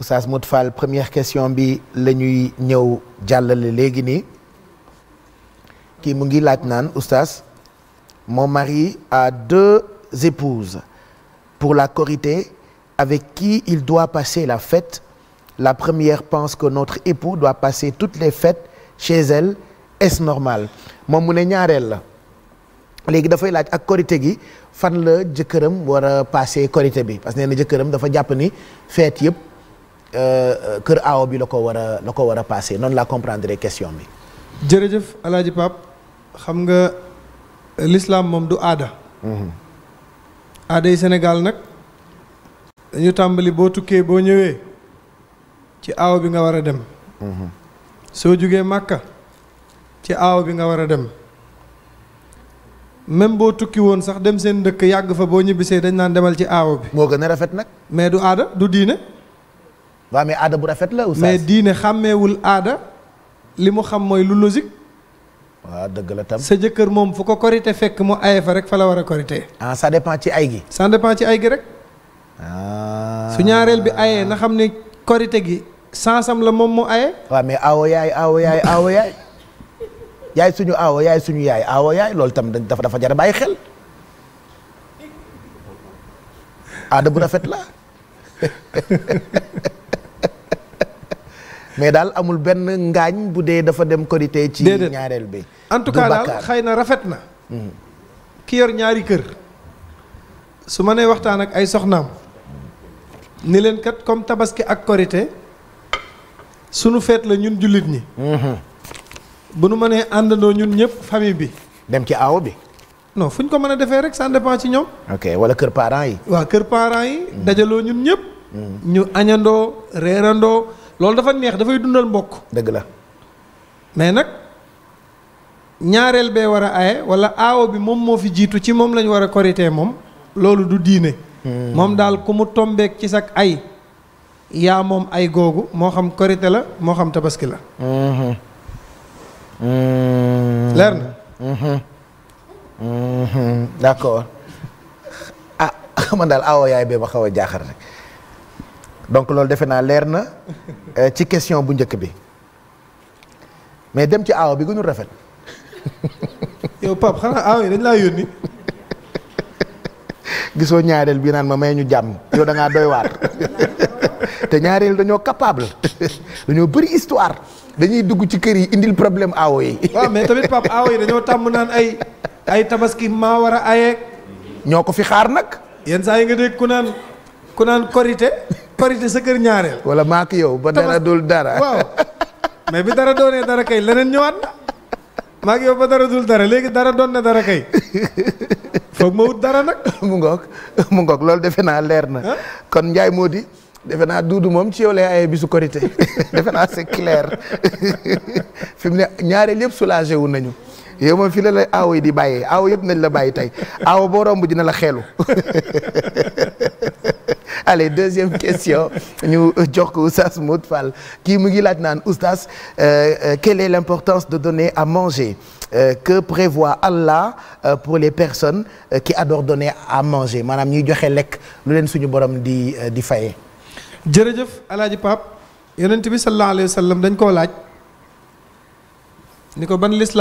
Oustaz Modou Fall première question bi la ñuy ñëw jàllale léegi nii kii mu ngi laaj naan Oustaz mon mari a deux épouses pour la Korité avec qui il doit passer la fête la première pense que notre époux doit passer toutes les fêtes chez elle est-ce normal moom mu ne ñaareel la léegi dafay laaj ak korité gi fan la jëkkëram war a passer korité bi parce que nee na jëkkëram dafa jàpp ni fête yëpp Euh, kër aaw bi la ko war a la ko war a passé noonu laa comprendre question bi. jërëjëf alaaji Pape xam nga l'islam moom du aada. Mhm. aada yi Sénégal nag dañu tàmbali boo tukkee boo ñëwee ci aaw bi nga war a dem. Mhm. soo jógee Màkka ci aaw bi nga war a dem. même boo tukki woon sax dem seen dëkk yàgg fa boo ñibbisee dañ naan demal ci aawo bi. moo gën a rafet nag. mais du aada du diine. waa mais aada bu rafet la oustaz mais diine xàmmeewul aada li mu xam mooy lu logique. waaw dëgg la tam. sa jëkkër moom fu ko korite fekk mu aye fa rek fa la war a korite. ah ci ay gi. ça ci ay gi rek. Ah. su ñaareel bi ayee na xam ne korite gi sansam la moom mu aye. waaw mais awo yaay awo yaay yaay. suñu awo yaay suñu yaay awo yaay loolu tam dafa dafa jar a bàyyi xel. aada bu rafet la. mais daal amul benn ngaañ bu dee dafa dem korité ci ñaareel bi en tout cas daal xëy na rafet na hmm. ki yor ñaari kër su ma nee waxtaan ak ay soxnaam ni leen kat comme tabaski ak korité sunu feet la ñun jullit ñi hmm. bu nu mënee àndandoo ñun ñëpp famille bi dem ci aaw bi non fu ñu ko mën a defee rek ça dépend ci ñoom. ok wala kër parents yi. waa kër parents yi. Hmm. dajaloo ñun ñëpp. ñu añandoo reerandoo loolu dafa neex dafay dundal mbokk dëgg la mais nag ñaareel bee war a aye wala aawo bi moom moo fi jiitu ci moom lañu war a koritee moom loolu du diine hmm. moom daal ku mu tombeek ci sak ay yaa moom ay googu moo xam korite la moo xam tabaski la hmm. Hmm. leer na d'accord ah man daal aawo yaay bee ma xaw a jaaxal donc loolu defe naa leer na euh, ci question bu njëkk bi mais dem ci aaw bi gënul rafet. yow Pape xanaa aaw yi dañ laa yónni. gisoo ñaareel bii naan ma may ñu jàmm yow da ngaa doy waar te ñaareel dañoo capable dañoo bëri histoire dañuy dugg ci kër yi indil problème aawo yi. waaw mais tamit Pape aawo yi dañoo tàmm naan ay ay tabaski maa war a ayeeg. ñoo ko fi xaar nag. yenn saa yi nga dégg ku naan ku naan korité parité sa kër ñaareel. wala maa yow ba dara dul dara. waaw mais bi dara doonee dara kay leneen ñëwaat na. maa yow ba dara dul dara léegi dara doon na dara kay. foog ma wut dara nag. mu ngoog loolu defe naa leer na. kon njaay moo di. defe naa duudu moom ci yow lay aye bisu korité defe naa c'est clair fi mu ne ñaareel yëpp soulagé wu nañu yow moom fi la la aaw yi di bàyyee aaw yëpp nañ la bàyyi tey aaw boo romb na la xeelu allez deuxième question ñu jox ko oustaz Modou Fall kii mu ngi laaj naan oustaz euh, euh, quelle est l'importance de donner à manger euh, que prévoit Allah euh, pour les personnes euh, qui adorent donner à manger maanaam ñuy joxe lekk lu leen suñu borom di di fayee. jërëjëf alaaji Pape yonent bi sallallahu alayhi dañ koo laaj ni ko ban lislaam